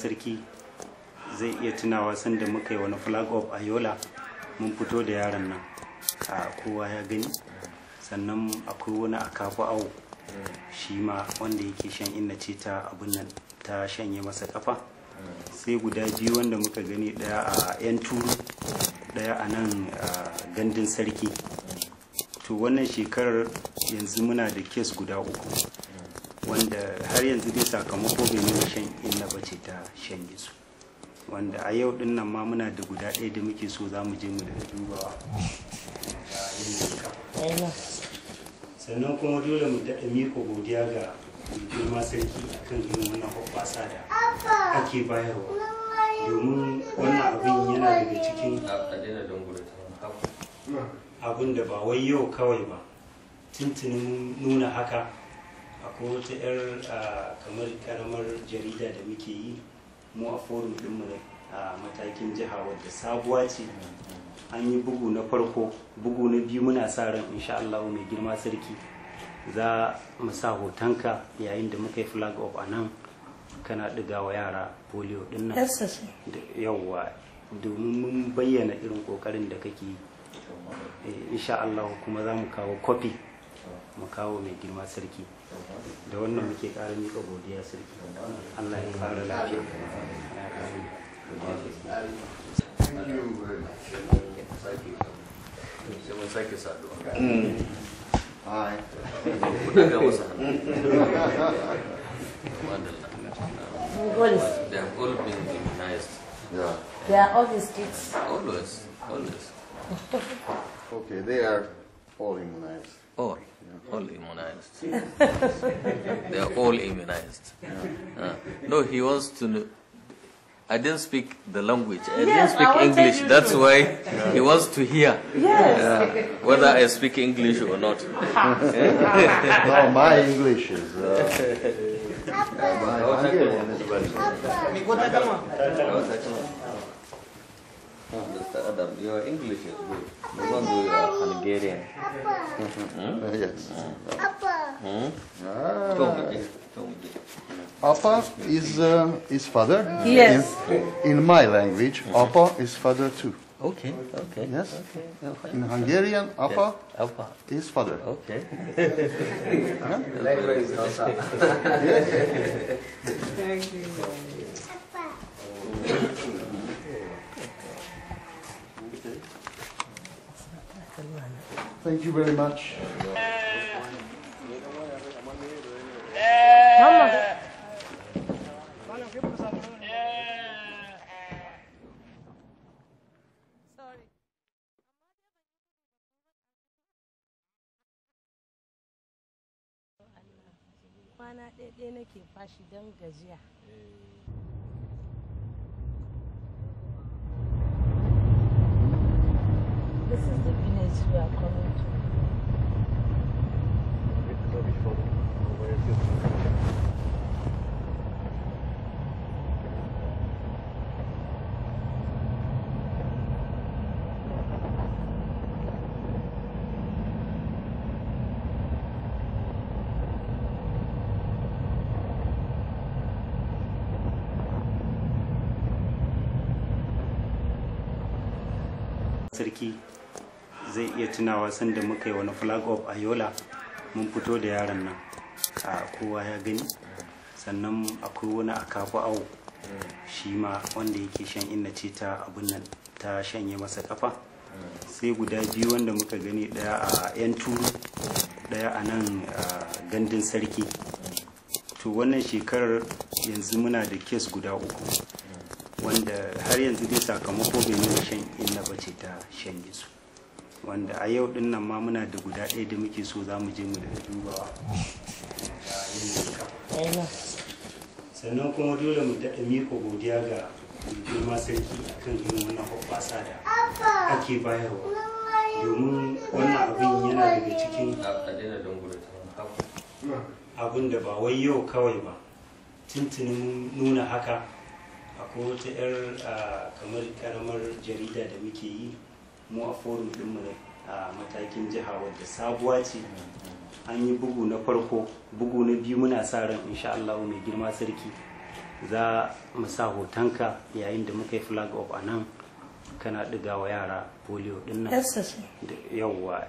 sarki zai iya tunawa sanda muka yi wani flag of ayola mun fito da yaron nan a kowa ya gani sannan akwai wani a kafa awo shi ma wanda yake shan inna ce ta abin nan ta shanye masa kafa sai guda biyu wanda muka gani daya a yan turu daya a nan gandun sarki to wannan shekarar yanzu muna da kes guda uku wanda har yanzu dai sakamako bai nuna shan inna ba ce ta shan gizo wanda a yau din nan ma muna da guda ɗaya da muke so za mu je mu da dubawa sannan kuma dole mu daɗa miko godiya ga girma sarki akan irin wannan hoɓasa da ake bayarwa domin wannan abin yana daga cikin abin da ba wai yau kawai ba tuntunin nuna haka akwai wata 'yar ah, kamar karamar jarida da muke yi mu a forum dinmu a matakin jiha wadda sabuwa ce an yi bugu na farko bugu na biyu muna sa ran insha Allah mai girma sarki za mu sa hotonka yayin da muka yi flag of a nan kana wa yara polio din nan yawwa domin mun bayyana irin kokarin da kake yi eh, insha Allah kuma za mu kawo kofi mu kawo mai girma sarki da wannan muke ƙara miƙa godiya sarki Allah ya ƙara lafiya They have all been immunized. Yeah. They are all his kids. Always, always. okay, they are all immunized. All. All immunized. they are all immunized. Uh, no, he wants to know. I didn't speak the language. I yes, didn't speak English. That's why yeah. he wants to hear yes. uh, whether I speak English or not. no, my English is. Uh, my Mr. Adam, your English is good. You don't do your Hungarian. hmm? Yes. Papa. Hmm? Ah. is uh, is father. Yes. In, in my language, hmm. Papa is father too. Okay. Okay. Yes. Okay. In Hungarian, Apa yes. is father. Okay. Language is yes. Thank you. Thank you very much. sarki zai iya tunawa sanda muka yi wani flag of ayola mun fito da yaran nan a kowa ya gani sannan akwai wani a kafa awo shi ma wanda yake shan inna ce ta abun nan ta shanye masa kafa sai guda biyu wanda muka gani daya a yan turu daya a nan gandun sarki to wannan shekarar yanzu muna da kes guda uku wanda har yanzu dai sakamako bai nuna shan canje su wanda a yau din nan ma muna da guda ɗaya da muke so za mu je mu da dubawa sannan kuma dole mu daɗa miko godiya ga girma sarki akan wa wannan hoɓɓasa da ake bayarwa domin wannan abin yana daga cikin abin da ba wai yau kawai ba tuntunin nuna haka akwai wata 'yar kamar karamar jarida da muke yi mu a forum ɗinmu ne a matakin jiha wadda sabuwa ce an yi bugu na farko bugu na biyu muna sa ran insha Allah mai girma sarki za mu sa hotonka yayin da muka yi flag of anan kana ɗigawa yara polio ɗin nan yawwa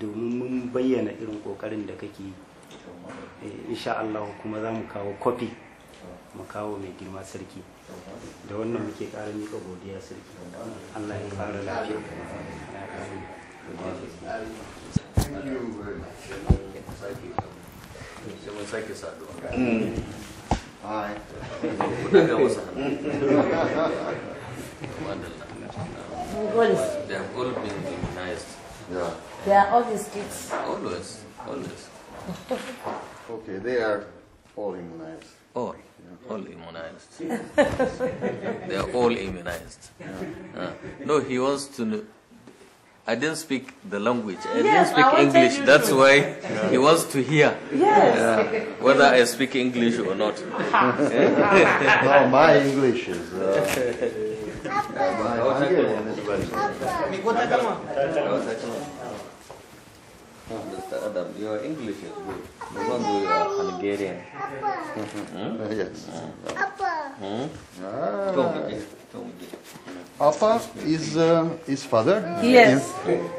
domin mun bayyana irin kokarin da kake yi eh, insha Allah kuma za mu kawo kofi mu kawo mai girma sarki da wannan muke ƙara miƙa godiya sarki Allah ya ƙara lafiya They have all been immunized. Yeah. They are always kids. Always, always. okay, they are all immunized. All, all immunized. they are all immunized. Uh, no, he wants to know. I didn't speak the language. I yes, didn't speak I English. That's to. why yeah. he wants to hear yes. whether I speak English or not. no, my English is. Uh, my Hungarian is better. Mr. Adam, your English is good. No wonder you are Hungarian. hmm? Yes. Papa. Hmm? Ah. Appa is uh, is father. Yes.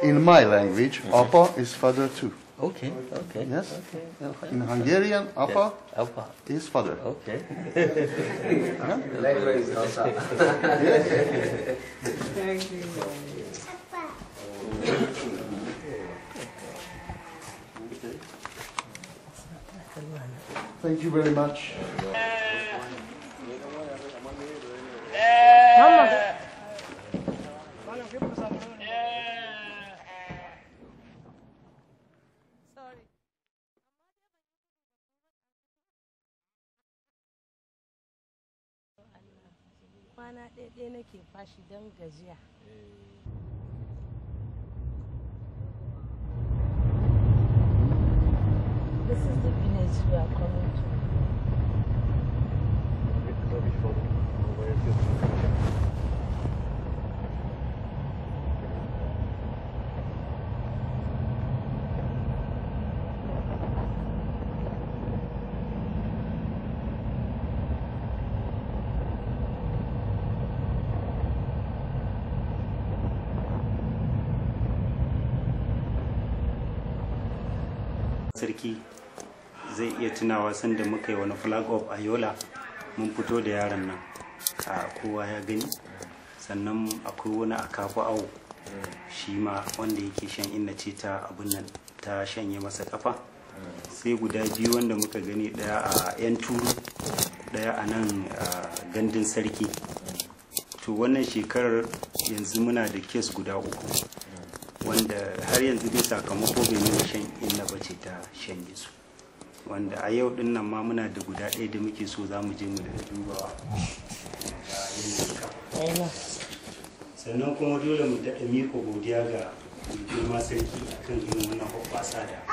In, in my language, mm-hmm. papa is father too. Okay. Okay. Yes. Okay. In Hungarian, papa yes. is father. Okay. Language is also. Thank you. Thank you very much. kwana ɗaya nake fashi don gajiya this is the village we are sarki zai iya tunawa sanda muka yi wani flag of ayola mun fito da yaran nan a kowa ya gani sannan akwai wani a kafa awo shi ma wanda yake shan inna ce ta abin nan ta shanye masa kafa sai guda biyu wanda muka gani daya a yan turu daya a nan gandun sarki to wannan shekarar yanzu muna da kes guda uku wanda har yanzu dai sakamako bai nuna shan inna ba ce ta shanye su wanda a yau din nan ma muna da guda ɗaya da muke so za mu je mu da dubawa sannan kuma dole mu daɗa miko godiya ga girma sarki akan yin wannan hoɓɓasa da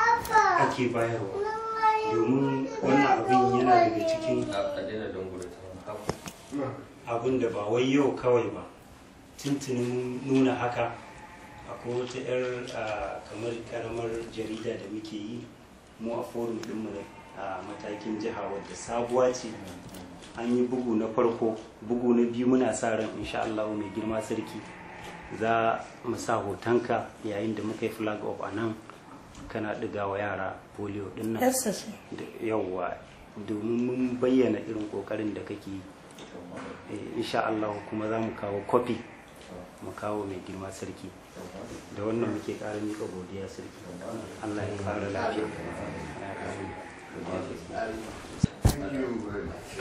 ake bayarwa domin wannan abin yana daga cikin abin da ba wai yau kawai ba tuntunin nuna haka akwai wata 'yar kamar karamar jarida da muke yi mu a forum ɗinmu ne a matakin jiha wadda sabuwa ce an yi bugu na farko bugu na biyu muna sa ran insha Allah mai girma sarki za mu sa hotonka yayin da muka yi flag of anan kana ɗiga wa yara polio dinnan nan yawwa domin mun bayyana irin ƙoƙarin da kake yi eh, insha Allah kuma za mu kawo kofi makawo mai girma sarki da wannan muke ƙara miƙa godiya sarki allah ya lafiya Thank you very much. They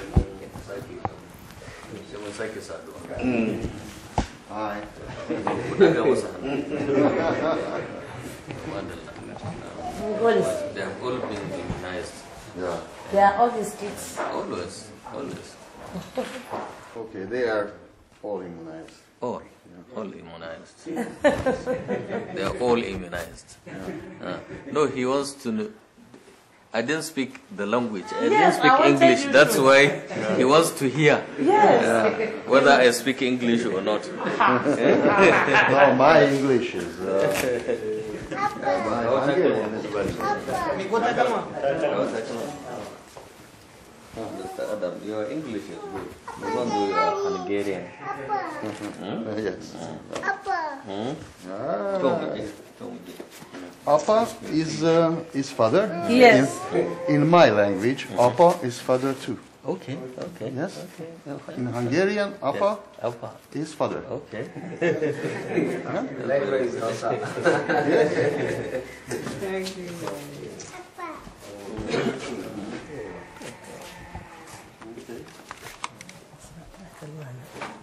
have all been immunized. Yeah. They are always kids. Always. Always. okay, they are all immunized. All. All immunized. they are all immunized. Uh, no, he wants to know. I didn't speak the language. I yes, didn't speak I English. That's to. why yeah. he wants to hear yes. Uh, whether I speak English or not. no, my English is. Uh, no, Your English is good. you are uh, Hungarian. Hmm? Yes. Papa. Hmm? Ah. is uh, is father. Yes. In, in my language, mm-hmm. apa is father too. Okay. Okay. Yes. Okay. In Hungarian, apa yes. is father. Okay. Language is awesome. yes. Thank you.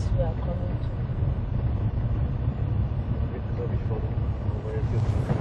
zu mir kommen. Ich glaube, ich war, aber jetzt jetzt.